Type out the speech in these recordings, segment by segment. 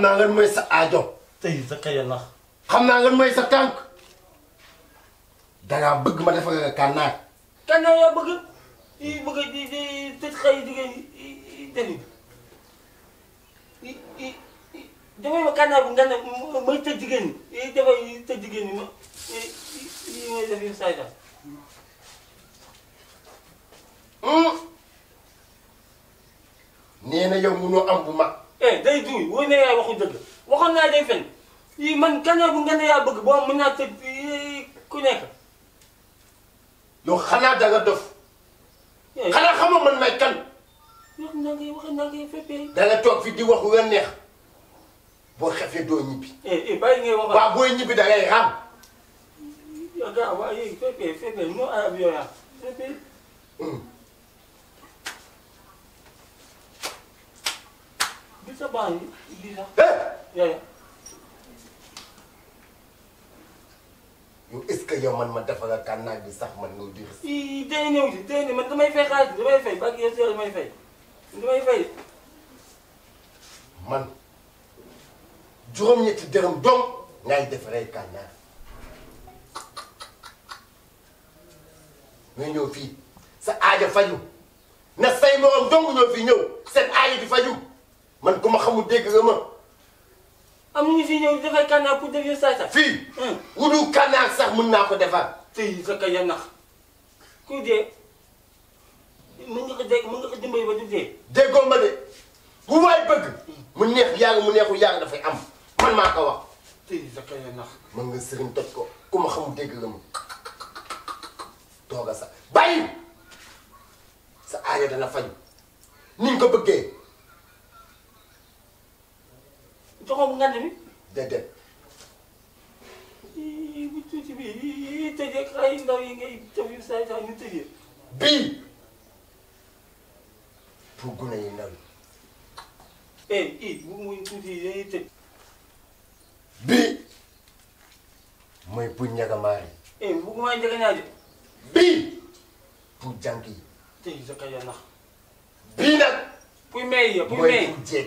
xam naa lan mooy sa aajo. tey sa kay la. xam naa lan mooy sa tànk. dangaa bëgg ma defal la kànnaar. kànnaar yaa bëgg yi bëgg di di tëj xëy di nga déglu i i bu nga ne may tëj jigéen ñi dafay tëj jigéen ñi ma yi may def yu saay daal. Hmm? nee na yow munoo am bu mag. eh day duy wóor na yaay waxu dëgg waxoon naa day fen yi man keneen bu ngeen yaa bëgg boo mën naa tëj ku nekk. yow xanaa da nga dof. Eh. xanaa xamoo man may kan. wax naa ngay wax naa ngay feppee. da nga fi di wax lu neex boo xefee doo ñibbi. eh eh bàyyi ngay wax. waaw booy ñibbi da ngay raam. yow gars waaye feppee feppee non sa baa yi lii sax. yàlla. yow est-ce que yow man ma defaral kànnaag bi sax man nga diir. ii day ñëw si day ñëw man damay fay xaalis bi damay fay ba ak yéen si man juróom-ñetti dërëm dong ngay defaree kànnaag nga ñëw fii sa aaja faju na say morom dong ñoo fi ñëw seen aaja di faju man ku ma xamul dégg nga ma. am ñu fi ñëw dafay kànnaar pour def saay hmm. sax. fii. sax mën naa ko defar. tey sa kay nax ku dee mën nga ko dégg mën nga ko dimbali ba du dee. déggoo ma de bu waay bëgg. mu neex yàlla mu neexul yàlla dafay am man maa ko wax. tey sa nax mën nga sëriñ toj ko ku ma xamul dégg nga ma tooga sa aajo dana faj ni ko bëggee. boobu ngand bi. déedéet. yii bu tuuti bi yii tëjee ay ndaw yi ngay tëb yu saa yi ñu tëjee. bii pour gune yi ndaw yi. eh ii bu muy tuuti yi dañuy tëj. bii mooy pour ñagamaar yi. Eh, yi. tey sa la ndax. bii nag. pour may yi pour may mooy pour jeeg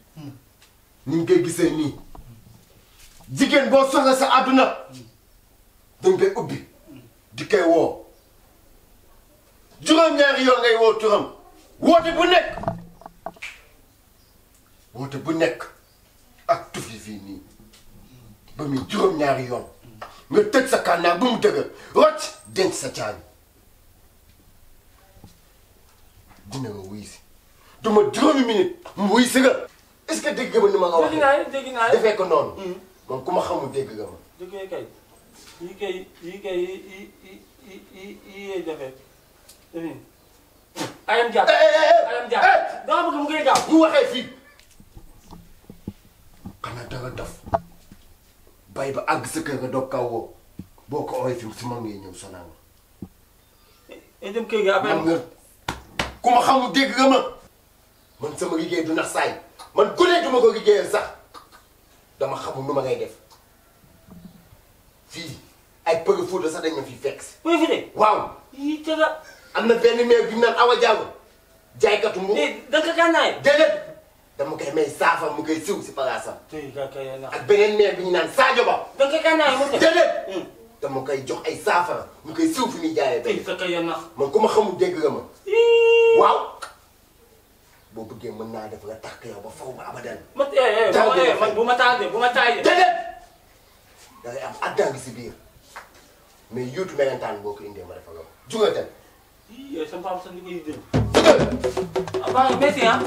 ni ñu koy gisee nii jigéen boo soxla sa àdduna dañ koy ubbi di koy woo juróom-ñaari yoon ngay woo turam woote bu nekk woote bu nekk ak tufi fii nii ba muy juróom-ñaari yoon nga tëj sa kànnaar bu mu dëgër rocc denc sa caabi dina ma wuy si duma juróomi minute mu wuy si est-ce que dégg nga ni ma la waxee. dégg naa dégg hmm. ma xamul ma. dégg kay yi kay yi kay yi yi yi yi yee jafe dégg nga. ayam jàpp ayam jàpp. dama bëgg mu ngi jàpp sa kër nga doog kaw woo boo ko ooyee fii si man ngay eh, ma. man nga ma xamul dégg du nax man ku ne du ma ko liggéeyal sax dama xamul lu ma koy def fii ay pëgg fuuta sax dañ ma fi fekk si. waaw. am na benn meew bi naan awa jàll. jaaykatu mbu. mais eh, da nga gànnaay. dama koy may saafa mu koy siw si palaasam. ak beneen meew bi ñu naan Sadio Ba. da hmm. dama koy jox ay saafara mu koy siw fi muy jaayee. tey man ku ma xamul dégg ma. waaw. boo bëggee mën naa def nga tàkk yow ba faw ba abadan. ma eh, eh, eh, man bu ma taajee bu ma taajee. déedéet da ngay am addan gi si biir mais yuutu melentaan boo ko indee ma defal loolu jugal dem. yii yow sama papa sax ni ko yiteel. jugal. ah merci ah.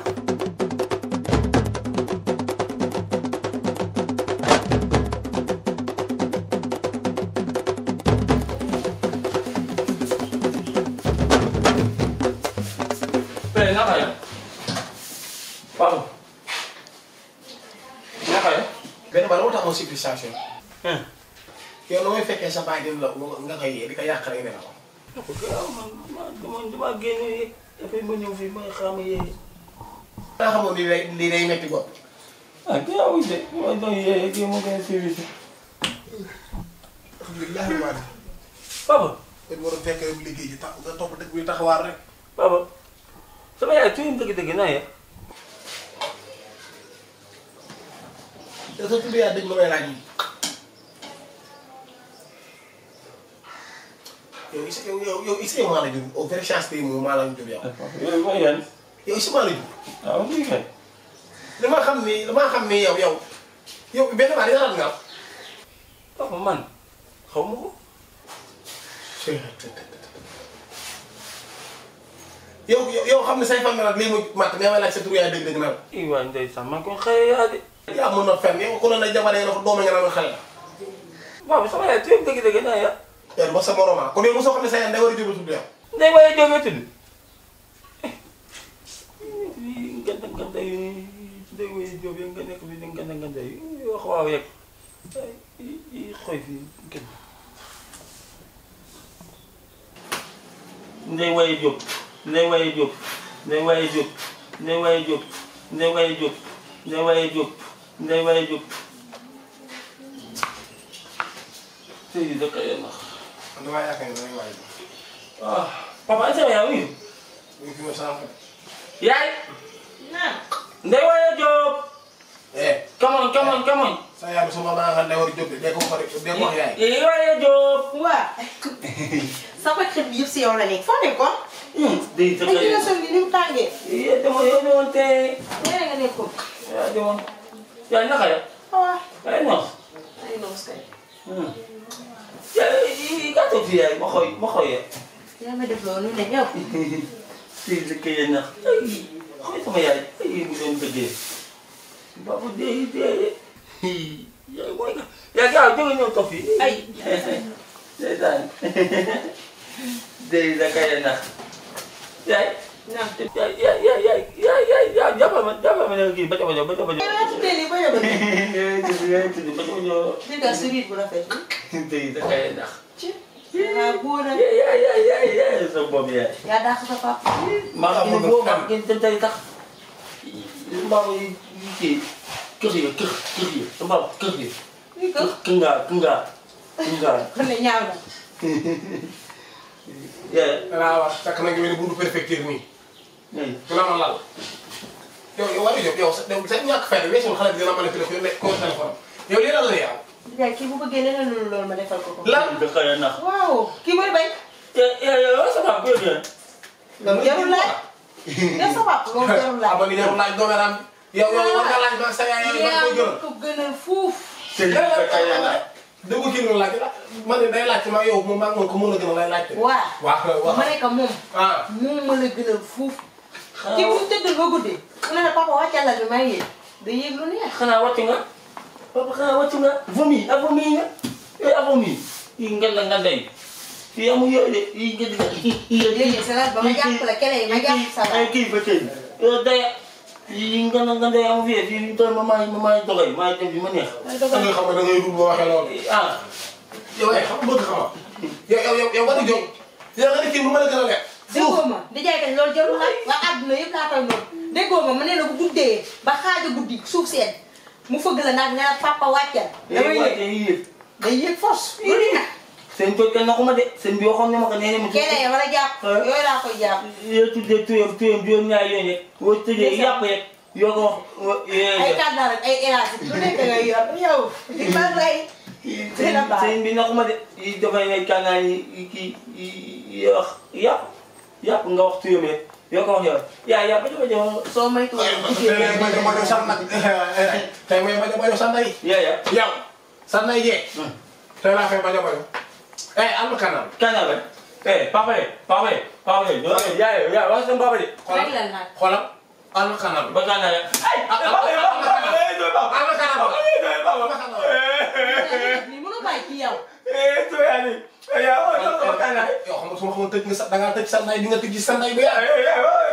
sampai di din lang, nga kay ini kaya kaya na ako. Ako kaya mau dumagin eh. Apa mo yung film mga kami eh. Kaya mo, hindi na yung natigot. Ah, kaya ako hindi. Ano yung kaya mo kaya series. Alhamdulillah naman. Papa? Pwede mo rin kaya kayo ligay. Gatopatid ko yung takawar rin. Papa? ya ito yung kita gina ya lagi. yow is yow yow yow is yow maa la jur au vrai chance tey moom maa la jur yow. yow mooy yan. yow is maa la jur. waaw muy yan. damaa xam ni damaa xam ni yow yow yow benn baa dina nga am. man xaw ma ko. yow yow xam ne say fan mat mais ma laaj sa tur yaay dëgg-dëgg na la. waaw ndeysaan man kon xëy yaa de. na fenn yow ku ne la jabar yi dafa doom nga naan xale la. waaw sama yaay dëgg-dëgg naa ya. yan ba sa moromaa ah. kon yow mosoo xam ne sa yan day war a jóge tudd yow. day war a jóge tudd. gàncax gàncax yi day war a jóge nga nekk bi gàncax gàncax yi wax waaw yegg xoy fii kenn. Ndeye Waye Diop Ndeye Waye Diop Ndeye Waye Diop Ndeye Waye Diop Ndeye Waye Diop Ndeye Waye Diop Ndeye Waye Diop. sëy bi da koy nax. damaa yaakaar ne dinañ waay. waaw papa est-ce que yaa ngi wuyu. wuyu fi ma sànq. yaay. naam. Ndeye Wale Diop. eh. come on come on come sa yaay bi su ma baaxee Ndeye Wale de ko xarit de ko yaay. Ndeye Wale Diop. waaw. sama xarit bi yëpp si yow la nekk foo nekkoon. day jot a yéen ay ni mu tàngee. yow dama yow demoon te. ñeneen nga nekkoon. waaw demoon. yaa naka la. waaw. ay noos. ay gàttal fii yaay ma xooy ma xooy yaa. yaa loolu ne yow. tey sa kii nax xooy sama yaay tey bu doon bëggee baabu dee dee yaay mooy nga yaa ngi ah jóge ñëw toog fii ay. day ñaan te yaay yaay yaay yaay yaay yaay jàppal ma jàppal ma ne kii ba ca ba ca ba ca ba ca. yaa ngi wax takk na nga mel ni buntu préfecture muy bu la ma lal yow yow war yow yow sa ñàkk fayda weesul xale bi dina mën a téléphone ne ko téléphone yow lii lan la yow. Ndiaye kii bu bëggee leneen loolu loolu ma defal ko ko. lan de xëy na. waaw kii mooy bay. yow sa papa yow de. loolu jarul laaj. yow sa papa loolu jarul laaj. abali jarul laaj doomeram. yow yow war nga laaj ba sa yaay yow ko gënal. ko gënal fuuf. te li dëgg kii noonu laajte la man de day laajte ma yow moom maa ngi ko mën a gënal lay laajte. waaw waaw waaw ma ne ko moom. ah moom mën a gënal fuuf. xanaa kii bu ñu tëddul ba guddi. mu ne papa wàccal la bi may yéeg. day yéeg lu neex. xanaa wàccu nga. papa xanaa wàccu nga. vomi avomi yi nga. yooyu avomi yi. yii nganda nganda yi. yii amul yooyu de yii ngeen di nga. yii ba ma jàpp la kele yi ma jàpp sa bopp. kii ba tey daya. yii nganda nganda yi amul fii fii doy ma maay maay dogay maay def bi ma neex. maay dogay nga xam ne da ngay dugg boo waxee loolu. ah yow ay xam bëgg xamaa. yow yow yow war na jóg. yow nga ne kii bu ma la gën a lekk déggoo ma di jaay kañ loolu jarul nag waa àdduna yëpp laa koy noonu déggoo ma ma nee na bu guddee ba xaaja guddi suuf seen mu fëgg la nag ne la papa wàccal damay yëg day yëg force seen cooj kenn na ko ma de seen bi waxoon na ma ko nee na ma keneen wala jàpp yooyu laa koy jàpp yooyu tuddee tuyam tuyam juróom ñaar yooyu yëg woo tëjee yàpp yëg yoo ko wax ay kàddaa rek ay élargi lu nekk ngay yor yow di mag lay seen bi na ko ma de yi dafay ne kàddaa yi kii yi wax yàpp yap nga wax tuyame yoo ko wax yow yaa yàpp jox jox soo may tuur tey may ma jox sanna tey may ma jox sanna yi yaa yàpp yow sanna yi jee tey laa fay ma jox eh am kanal kanal rek eh papa ye papa ye papa ye ñoo yaa ye yaa wax sama papa de xoolal xoolal am kanal ba kanal rek ay papa ye papa ye doy papa am kanal ba doy papa ni mënu bàyyi ci yow eh doy ani ya loolu la ma kaan ya yow xam nga su ma xamoon tëj nga sa ya ngaa tëj ya di nga ya sanday bi yaa. yaa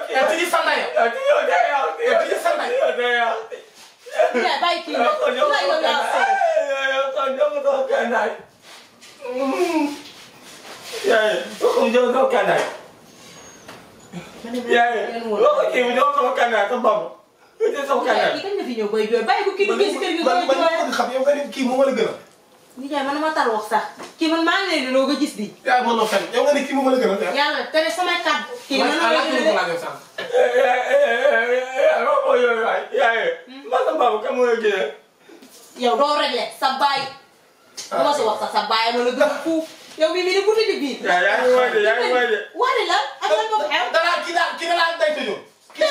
ya sanday yow. yaa tëj ya day yow. yaa tëj ya yow day yow. yaa bàyyi kii la yow yow yaa seet. yow kon jox ko kaan naa yaa yi jox ko kaan naa yaa nijaay man ma tal wax sax kii man maa ngi léegi loo ko gis di. yaa ngi mën a fen yow nga ne kii moom la gën a. yàlla te ne samay kàddu. kii man ma eh, eh, eh, hmm? la gën a def waay yow doo réglé sa baay. bu ah. ma si wax sax sa baay ma la gën a fuuf. yow mii mii di guddi di biir. yaa yaa ngi waay de yaa ngi waay de. waale la ak lan moo xew. da laa kii da kii da laa tëj tëjoo. kii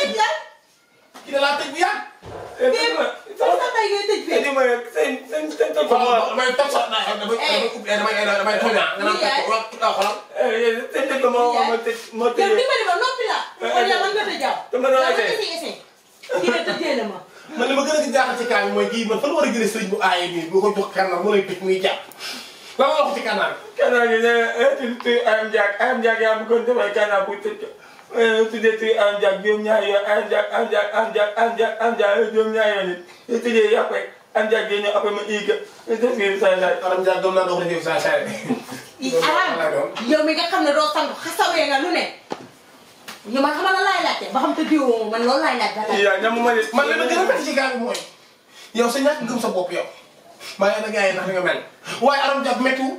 da laa tëj bu yàgg. man li ma gën a jaaxal ci kaa bi mooy kii man fan war a jëlee sëriñ bu aaye bi boo ko jox kànnaar moo lay tëj muy jàpp lan la wax ci kànnaar bi. kànnaar bi nee eh, na ayam jaag ayam jaag yaa bëggoon defal kànnaar bu tëj ko. Eh, tideti anjak jomnya ya anjak anjak anjak anjak anjak jomnya ya itu dia ya, apa anjak ya? dia apa ya, me iga itu sih saya saya orang jadom lah dong itu saya saya i mereka kan ro sang hasawe nga lu ne yo ma xamal la la te ba xam te iya ñam ma man la gëna metti ci gaal kan, moy yow sa ñak gëm sa bop yow ma ya na aram jak metu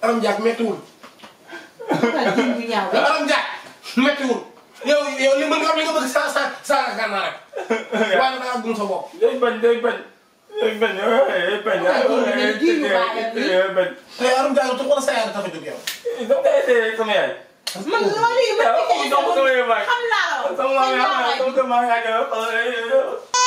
aram jak metu aram jak méttiwul yo yow li mën nga am li nga bëgg sa sa sa gànnaar rek waaye nag ak gum sa bopp. day bañ day bañ day bañ day bañ. te yarum daal tu